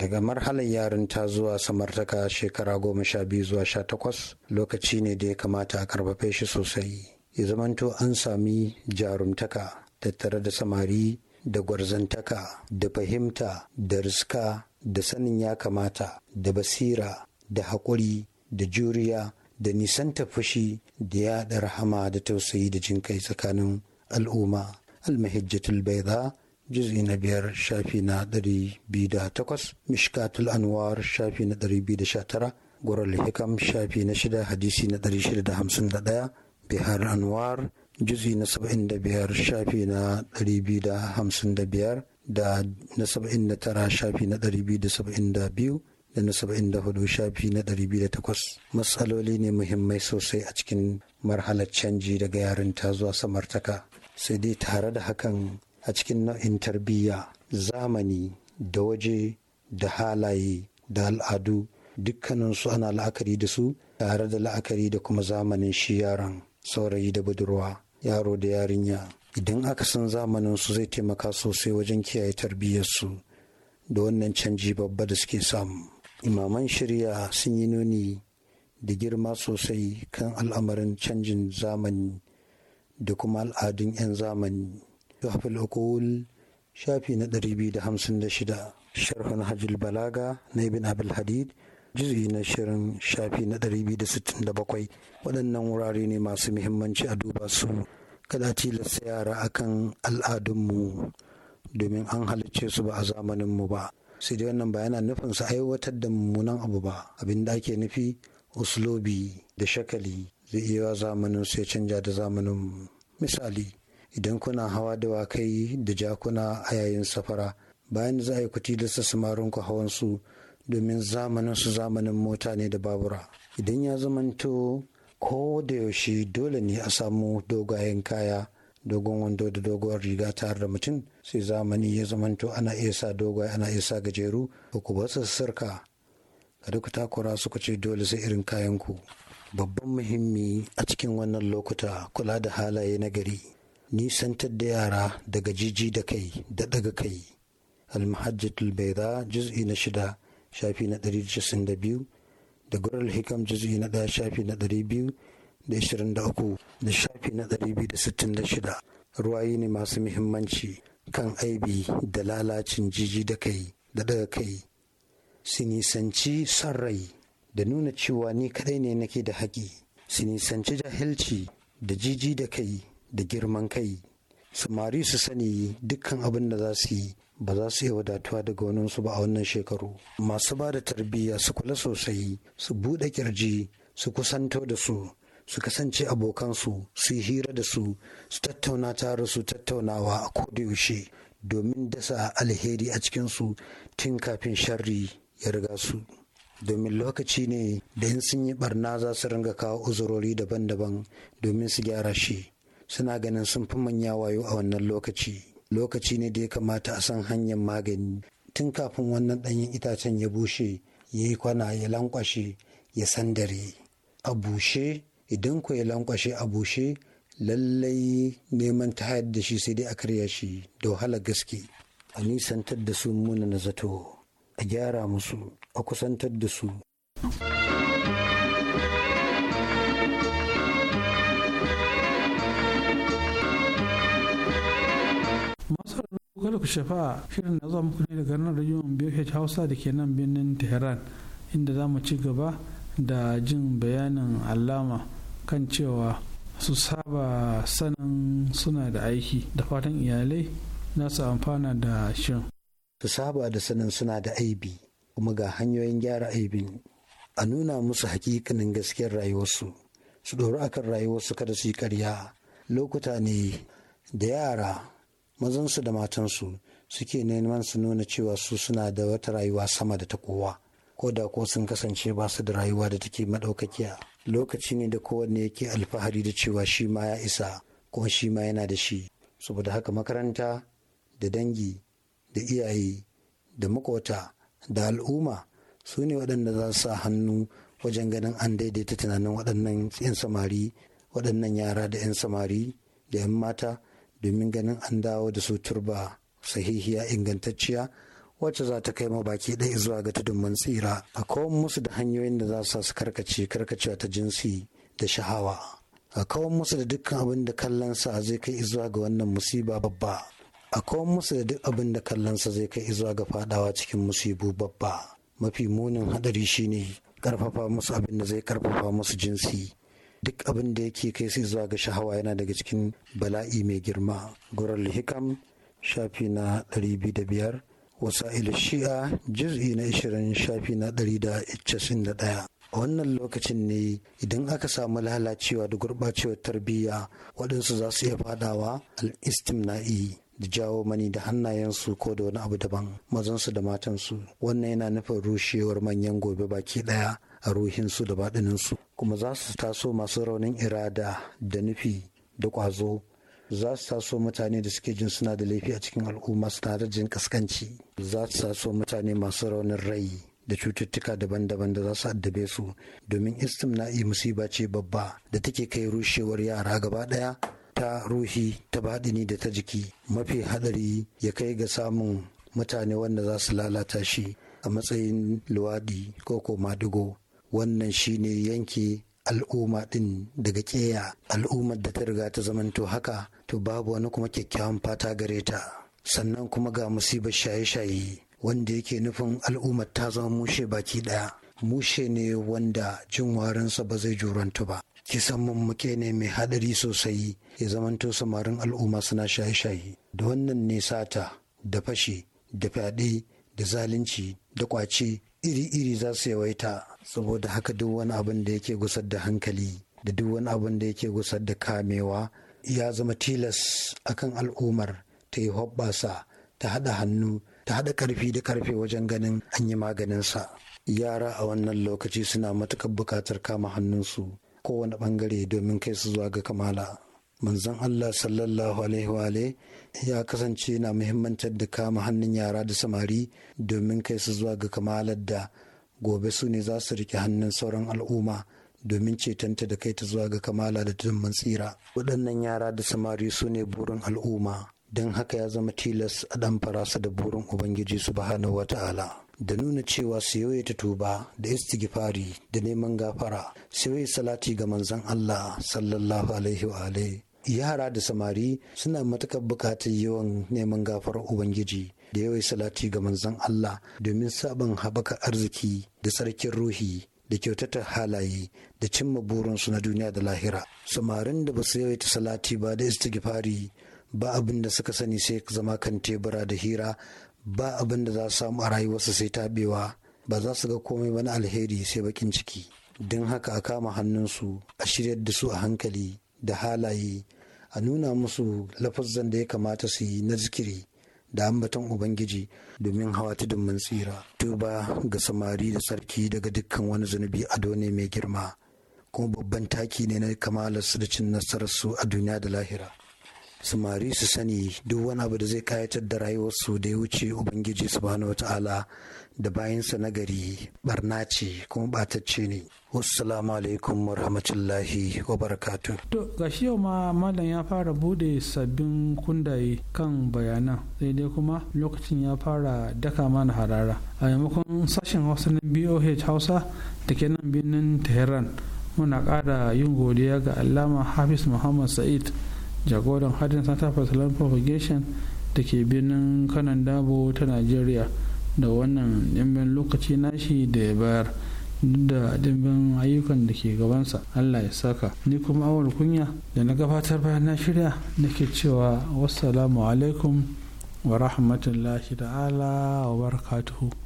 daga marhalar yarinta zuwa samartaka shekara goma sha biyu zuwa sha takwas lokaci ne da ya kamata a karfafe shi sosai. Ya zamanto an sami jarumtaka tattare da samari da gwarzantaka da fahimta da riska da sanin ya kamata da basira da haƙuri da juriya da nisan fushi da yaɗa rahama da tausayi da jin kai tsakanin al'umma almahijjatul baida juz'i na biyar shafi na ɗari biyu da takwas mishkatul anwar shafi na ɗari biyu da sha tara gwarar hikam shafi na shida hadisi na ɗari shida da hamsin da ɗaya bihar anwar juzi na 75 shafi na 255 da na 79 shafi na 272 da na 74 shafi na 208 matsaloli ne muhimmai sosai a cikin marhalar canji daga yarinta zuwa samartaka sai dai tare da hakan a cikin nau'in tarbiyya zamani da waje da halaye da al'adu dukkaninsu ana la'akari da su tare da la'akari da kuma zamanin shi yaron saurayi da budurwa yaro da yarinya idan aka san zamanin su zai taimaka sosai wajen kiyaye tarbiyyarsu da wannan canji babba da suke samu imaman shirya sun yi nuni da girma sosai kan al'amarin canjin zamani da kuma al'adun 'yan zamani tuhafil shafi na 256 sharhun hajjul balaga na ibn abul hadid juzi na shirin shafi na 267 waɗannan wurare ne masu muhimmanci a duba su kada tilasta yara a kan al'adunmu domin an halicce su ba a zamaninmu ba sai dai wannan bayana nufin su aiwatar da mummunan abu ba abin da ake nufi uslobi da shakali zai iya zamanin su ya canja da zamanin misali idan kuna hawa da dawakai da jakuna a yayin safara bayan za a yi kuti da ku hawan su domin zamanin su zamanin mota ne da babura idan ya zamanto ko da yaushe dole ne a samu dogayen kaya dogon wando da doguwar riga tare da mutum sai zamani ya zamanto ana iya sa dogaye ana iya sa gajeru ba ku ba sassarka kada ku takura suka ce dole sai irin kayan ku babban muhimmi a cikin wannan lokuta kula da halaye na gari nisantar da yara daga jiji da kai da daga kai almahajjatul baida juz'i na shida shafi na 192 da gurar hikam juzi na ɗaya shafi na 223 da shafi na 266 ruwayi ne masu muhimmanci kan aibi da lalacin jiji da kai da daga kai su nisanci son rai da nuna cewa ni kadai ne nake da haƙi su nisanci jahilci da jiji da kai da girman kai samari su sani dukkan abin da za su yi ba za su iya wadatuwa daga waninsu ba a wannan shekaru masu ba da tarbiyya su kula sosai su buɗe kirji su kusanto da su su kasance abokansu su yi hira da su su tattauna tare su tattaunawa a kodayaushe domin dasa alheri a cikinsu tun kafin sharri ya riga su domin lokaci ne da in sun yi barna za su ringa kawo uzurori daban-daban domin su gyara shi suna ganin sun fi manya wayo a wannan lokaci lokaci ne da ya kamata a san hanyar magani tun kafin wannan ɗanyen itacen ya bushe ya yi kwana ya lankwashe ya sandare a bushe idan ku ya lankwashe a bushe lallai neman ta hayar da shi sai dai a karya shi da wahala gaske a nisantar da su muna na zato a gyara musu a kusantar da su. masu kada ku shafa shirin na zuwa muku ne daga nan rajiyon BH Hausa da ke nan birnin Tehran inda za mu ci gaba da jin bayanin alama kan cewa su saba sanin suna da aiki da fatan iyalai na su amfana da shin. Su saba da sanin suna da aibi kuma ga hanyoyin gyara aibin a nuna musu hakikanin gaskiyar rayuwarsu su ɗori akan rayuwarsu kada su yi karya lokuta ne da yara mazansu da matansu suke neman su nuna cewa su suna da wata rayuwa sama da ta kowa ko da ko sun kasance ba su da rayuwa da take madaukakiya lokaci ne da kowanne yake alfahari da cewa shi ma ya isa ko shi ma yana da shi saboda haka makaranta da dangi da iyaye da makota da al'umma su ne waɗanda za su sa hannu wajen ganin an daidaita tunanin waɗannan 'yan samari waɗannan yara da 'yan samari da 'yan mata domin ganin an dawo da su turba sahihiya ingantacciya wacce za ta kai ma baki ɗaya zuwa ga tudun tsira a kawo musu da hanyoyin da za su su karkace karkacewa ta jinsi da sha'awa a kawon musu da dukkan abin da kallonsa zai kai zuwa ga wannan musiba babba a kawon musu da duk abin da kallonsa zai kai zuwa ga fadawa cikin musibu babba mafi munin hadari shine karfafa musu abin da zai karfafa musu jinsi duk abin da yake kai sai zuwa ga shahawa yana daga cikin bala'i mai girma gural hikam shafi na Wasu wasa'il shi'a juz'i na 20 shafi na 191 a wannan lokacin ne idan aka samu lalacewa da gurɓacewar tarbiyya waɗansu za su iya fadawa al'istim na da jawo mani da hannayensu ko da wani abu daban mazansu da matansu wannan yana nufin rushewar manyan gobe baki ɗaya a ruhinsu da baɗininsu kuma za su taso masu raunin irada da nufi da ƙwazo za su taso mutane da suke jin suna da laifi a cikin al'umma su tare jin ƙasƙanci za su taso mutane masu raunin rai da cututtuka daban-daban da za su addabe su domin istim istimna'i musiba ce babba da take kai rushewar yara gaba ɗaya ta ruhi ta baɗini da ta jiki mafi haɗari ya kai ga samun mutane wanda za su lalata shi a matsayin luwaɗi ko ko madugo wannan shine yanke al'umma din daga keya al'ummar da ta riga ta zamanto haka to babu wani kuma kyakkyawan fata gare ta sannan kuma ga musibar shaye-shaye wanda yake nufin al'ummar ta zama mushe baki ɗaya, mushe ne wanda jin warinsa ba zai juranta ba kisan mummuke ne mai haɗari sosai ya zamanto samarin al'umma suna shaye-shaye da wannan ne sata da fashi da fyaɗe da zalunci da ƙwace iri-iri za su yawaita saboda haka duk wani abin da yake gusar da hankali da duk wani abin da yake gusar da kamewa ya zama tilas akan al'ummar ta yi hoɓɓasa ta haɗa hannu ta haɗa ƙarfi da ƙarfe wajen ganin an yi maganinsa yara a wannan lokaci suna matuƙar buƙatar kama hannunsu kowane ɓangare domin kai su zuwa ga kamala manzon allah sallallahu alaihi wa ya kasance na muhimmantar da kama hannun yara da samari domin kai su zuwa ga kamalar da gobe su ne za su riƙe hannun sauran al'umma domin cetanta da kai ta zuwa ga kamala da tumman tsira waɗannan yara da samari su ne burin al'umma don haka ya zama tilas a ɗan farasa da burin ubangiji su bahana wata'ala da nuna cewa su yawaita tuba da istighfari da neman gafara su salati ga manzon Allah sallallahu alaihi wa yara da samari suna matukar bukatar yawan neman gafarar ubangiji da yawai salati ga manzon Allah domin sabon haɓaka arziki da sarkin ruhi da kyautata halaye da cimma burinsu na duniya da lahira. Samarin da ba su yawaita salati ba da istighfari ba abin da suka sani sai zama kan tebura da hira ba abin da za su samu a rayuwarsu sai tabewa ba za su ga komai wani alheri sai bakin ciki. Don haka a kama hannunsu a shiryar da su a hankali da halaye a nuna musu lafazan da ya kamata su yi na zikiri da ambaton ubangiji domin hawa tudun mun tsira tuba ga samari da sarki daga dukkan wani zunubi ado ne mai girma kuma babban taki ne na kamalarsu da cin nasararsu a duniya da lahira samari su sani duk wani abu da zai kayatar da rayuwarsu da ya wuce ubangiji subhanahu wataala da bayansa nagari gari barna ce kuma batacce ne wasu alaikum wa barakatu to shi yau ma malam ya fara bude sabbin kundaye kan bayanan sai dai kuma lokacin ya fara daka mana harara a maimakon sashen hausa na boh hausa da ke nan birnin tehran muna ƙara yin godiya ga allama hafiz muhammad sa'id jagoran hadin santa for islamic propagation da ke birnin kanan dabo ta nigeria da wannan dimbin lokaci nashi da ya bayar da dimbin ayyukan da ke gabansa allah ya saka ni kuma awal kunya da na gabatar bayan na shirya nake cewa wassalamu alaikum wa rahmatullahi ta'ala wa barakatuhu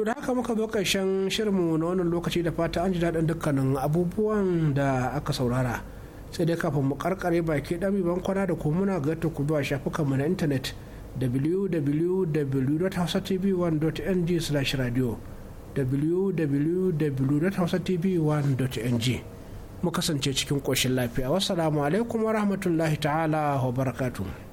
To da haka muka zo ƙarshen shirinmu na wannan lokaci da fata an ji daɗin dukkanin abubuwan da aka saurara. Sai dai kafin mu karkare baki ɗan biban kwana da kuma muna ga ku zuwa shafukanmu na intanet www.hausatv1.ng/radio www.hausatv1.ng mu kasance cikin ƙoshin lafiya. Wassalamu alaikum wa rahmatullahi ta'ala wa barakatuhu.